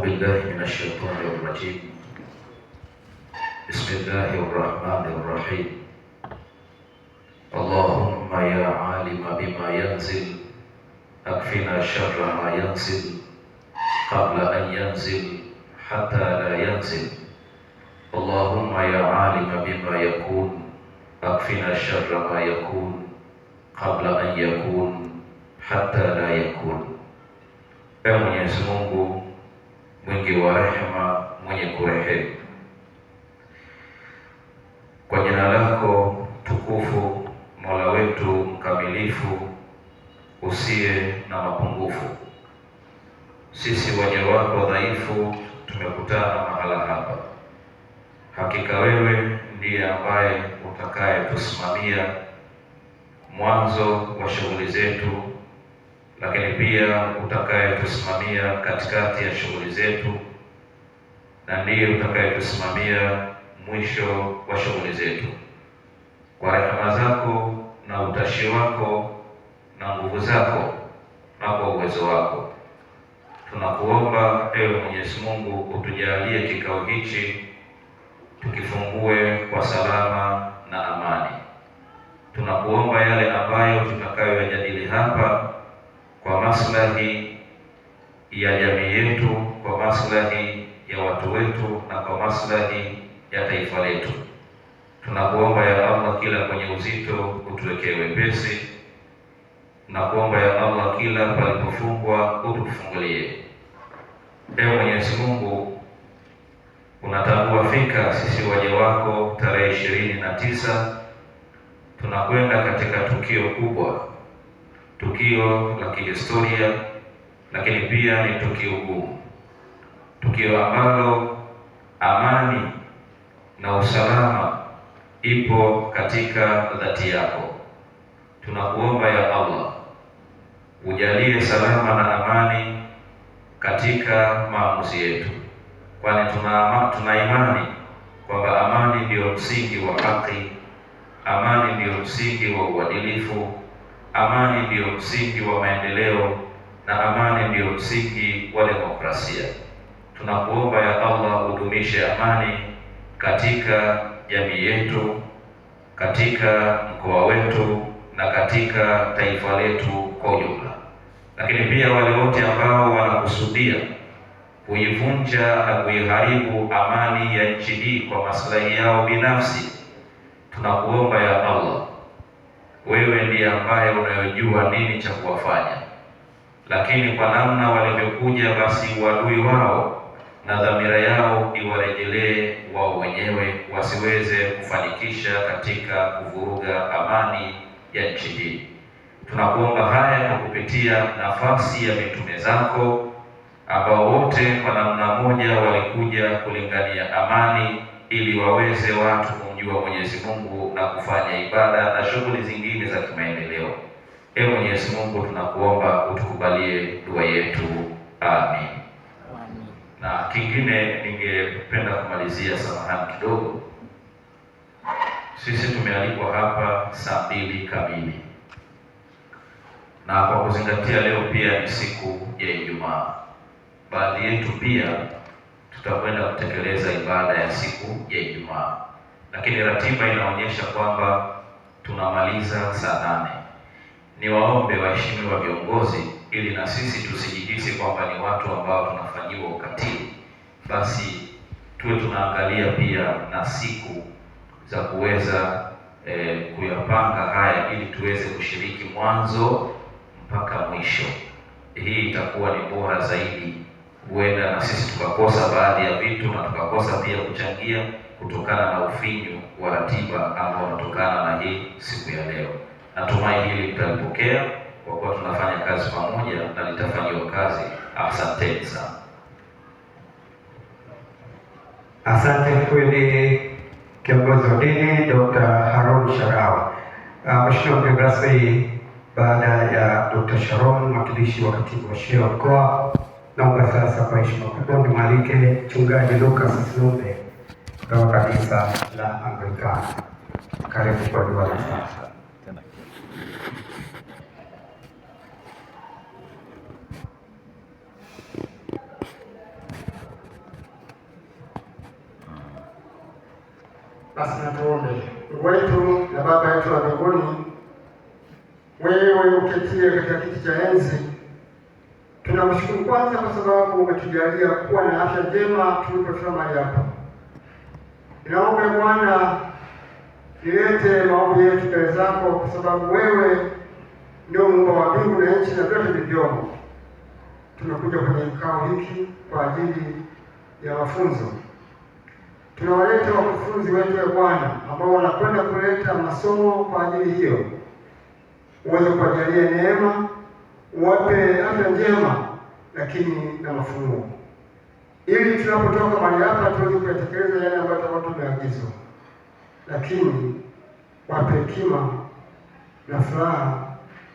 بالله من الشيطان الرجيم بسم الله الرحمن الرحيم اللهم يا عالم بما ينزل أكفنا شر ما ينزل قبل أن ينزل حتى لا ينزل اللهم يا عالم بما يكون أكفنا شر ما يكون قبل أن يكون حتى لا يكون. Ee Mwenyezi Mungu mwingi wa rehema, mwenye kurehemu. Kwa jina lako tukufu, Mola wetu mkamilifu, usiye na mapungufu, sisi waja wako dhaifu tumekutana mahala hapa. Hakika wewe ndiye ambaye utakayetusimamia mwanzo wa shughuli zetu lakini pia utakayetusimamia katikati ya shughuli zetu na ndiye utakayetusimamia mwisho wa shughuli zetu. Kwa rehema zako na utashi wako na nguvu zako na kwa uwezo wako tunakuomba, ewe Mwenyezi Mungu, utujalie kikao hichi maslahi ya taifa letu. Tunakuomba ya Allah kila kwenye uzito utuwekee wepesi, na kuomba ya Allah kila palipofungwa utufungulie. Ewe Mwenyezi Mungu, unatambua fika sisi waja wako, tarehe ishirini na tisa tunakwenda katika tukio kubwa, tukio la kihistoria, lakini pia ni tukio gumu, tukio ambalo amani na usalama ipo katika dhati yako. Tunakuomba ya Allah ujalie salama na amani katika maamuzi yetu, kwani tuna, tuna imani kwamba amani ndiyo msingi wa haki, amani ndiyo msingi wa uadilifu, amani ndiyo msingi wa maendeleo na amani ndiyo msingi wa demokrasia. Tunakuomba ya Allah udumishe amani katika jamii yetu, katika mkoa wetu na katika taifa letu kwa ujumla, lakini pia wale wote ambao wanakusudia kuivunja na kuiharibu amani ya nchi hii kwa maslahi yao binafsi, tunakuomba ya Allah, wewe ndiye ambaye unayojua nini cha kuwafanya, lakini kwa namna walivyokuja, basi uadui wao na dhamira yao iwarejelee wao wenyewe, wasiweze kufanikisha katika kuvuruga amani ya nchi hii. Tunakuomba haya kwa kupitia nafasi ya mitume zako ambao wote kwa namna moja walikuja kulingania amani ili waweze watu kumjua Mwenyezi Mungu na kufanya ibada na shughuli zingine za kimaendeleo. Ee Mwenyezi Mungu, tunakuomba utukubalie dua yetu. Amin na kingine ningependa kumalizia, samahani kidogo, sisi tumealikwa hapa saa mbili kamili, na kwa kuzingatia leo pia ni siku ya Ijumaa, baadhi yetu pia tutakwenda kutekeleza ibada ya siku ya Ijumaa, lakini ratiba inaonyesha kwamba tunamaliza saa nane ni waombe waheshimiwa viongozi, ili na sisi tusijihisi kwamba ni watu ambao tunafanyiwa ukatili, basi tuwe tunaangalia pia na siku za kuweza eh, kuyapanga haya ili tuweze kushiriki mwanzo mpaka mwisho. Hii itakuwa ni bora zaidi. Huenda na sisi tukakosa baadhi ya vitu na tukakosa pia kuchangia kutokana na ufinyu wa ratiba ambao unatokana na hii siku ya leo. Natumai hili mtalipokea kwa kuwa tunafanya kazi pamoja na litafanyiwa kazi. Asanteni sana. Asante kweli kiongozi wa dini Dr. Haron sharaw Uh, ah, Mheshimiwa mgeni rasmi, baada ya Dr. Sharon mwakilishi wa katibu wa shia wa mkoa, naomba sasa kwa heshima kubwa nimwalike mchungaji Lucas Lumbe kutoka kanisa la Anglikana. Karibu kwa sasa. Basi natuombe. Mungu wetu na Baba yetu wa mbinguni, wewe uketie katika kiti cha enzi, tunamshukuru kwanza kwa sababu umetujalia kuwa na afya njema tulipofika mahali hapa. Naombe Bwana nilete maombi yetu mbele zako, kwa sababu wewe ndio muumba wa mbingu na nchi na vyote vilivyomo. Tumekuja kwenye kikao hiki kwa ajili ya mafunzo tunawaleta wakufunzi wetu wa Bwana ambao wanakwenda kuleta masomo kwa ajili hiyo, uweze kuwajalia neema, uwape afya njema, lakini na mafunuo, ili tunapotoka mahali hapa tuweze kuyatekeleza yale ambayo tutakuwa tumeagizwa, lakini wape hekima na furaha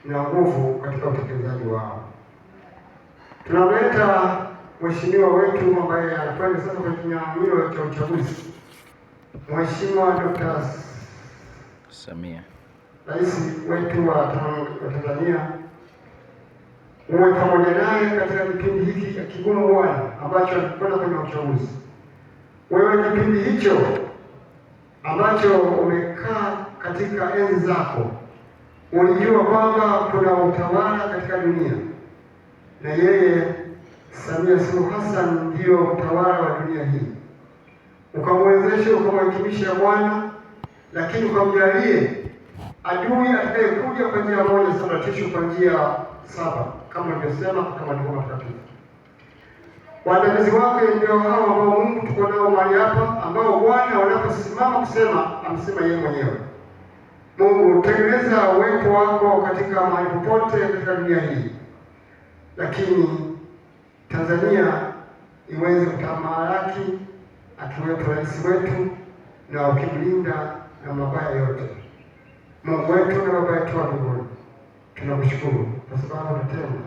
na nguvu katika utekelezaji wao tunaleta mheshimiwa wetu ambaye anafanya sasa kwenye kinyang'anyiro cha uchaguzi, Mheshimiwa Dr. Samia, rais wetu wa Tanzania, uwe pamoja naye katika kipindi hiki cha kigumu bwana ambacho alikwenda kwenye uchaguzi. Wewe kipindi hicho ambacho umekaa katika enzi zako ulijua kwamba kuna utawala katika dunia na yeye Samia Suluhu Hassan ndiyo utawala wa dunia hii, ukamwezeshe ukamhitimisha Bwana, lakini ukamjalie adui atakayekuja kwa njia moja sabatisho kwa njia saba, kama alivyosema katika maandiko matakatifu. Waandamizi wake ndio hao ambao Mungu tuko nao mahali hapa, ambao Bwana wanaposimama kusema amsema yeye mwenyewe. Mungu, tengeneza uwepo wako katika mahali popote katika dunia hii, lakini Tanzania iweze kutamalaki akiwepo rais wetu na ukimlinda na mabaya yote. Mungu wetu na Baba yetu wa mbinguni, tunakushukuru kwa sababu tutema,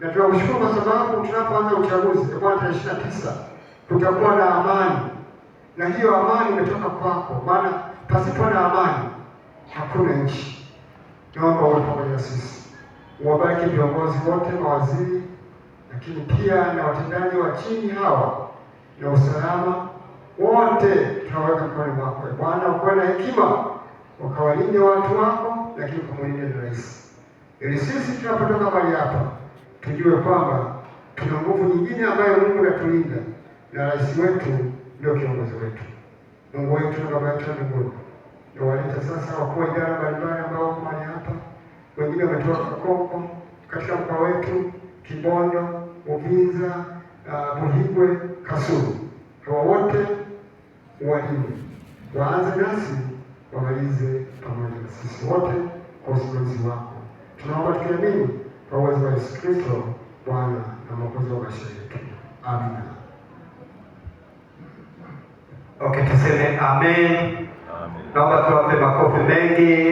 na tunakushukuru kwa sababu tunapoanza uchaguzi kwa tarehe ishirini na tisa tutakuwa na amani, na hiyo amani imetoka kwako, maana pasipo na amani hakuna nchi. Naomba uwe pamoja sisi, uwabariki viongozi wote, mawaziri lakini pia na watendaji wa chini hawa na usalama wote tunaweka mkono mwako Bwana, ukuwe na hekima wakawalinde watu wako, lakini ukamwilinde na rais, ili sisi tunapotoka mahali hapa tujue kwamba tuna nguvu nyingine ambayo Mungu natulinda na rais wetu ndio kiongozi wetu, Mungu wetu na Baba yetu mbinguni. Nawaleta sasa wakuu wa idara mbalimbali ambao wako mahali hapa, wengine wametoka Kakonko katika mkoa wetu Kibondo Uvinza, uh, Buhigwe, Kasulu. Hawa wote walimu waanze nasi wamalize pamoja na sisi wote kwa usimamizi wako. Tunaomba tukiamini kwa uwezo wa Yesu Kristo Bwana na Mwokozi wa maisha yetu. Amina. Okay, tuseme amen. Naomba tuwape makofi mengi.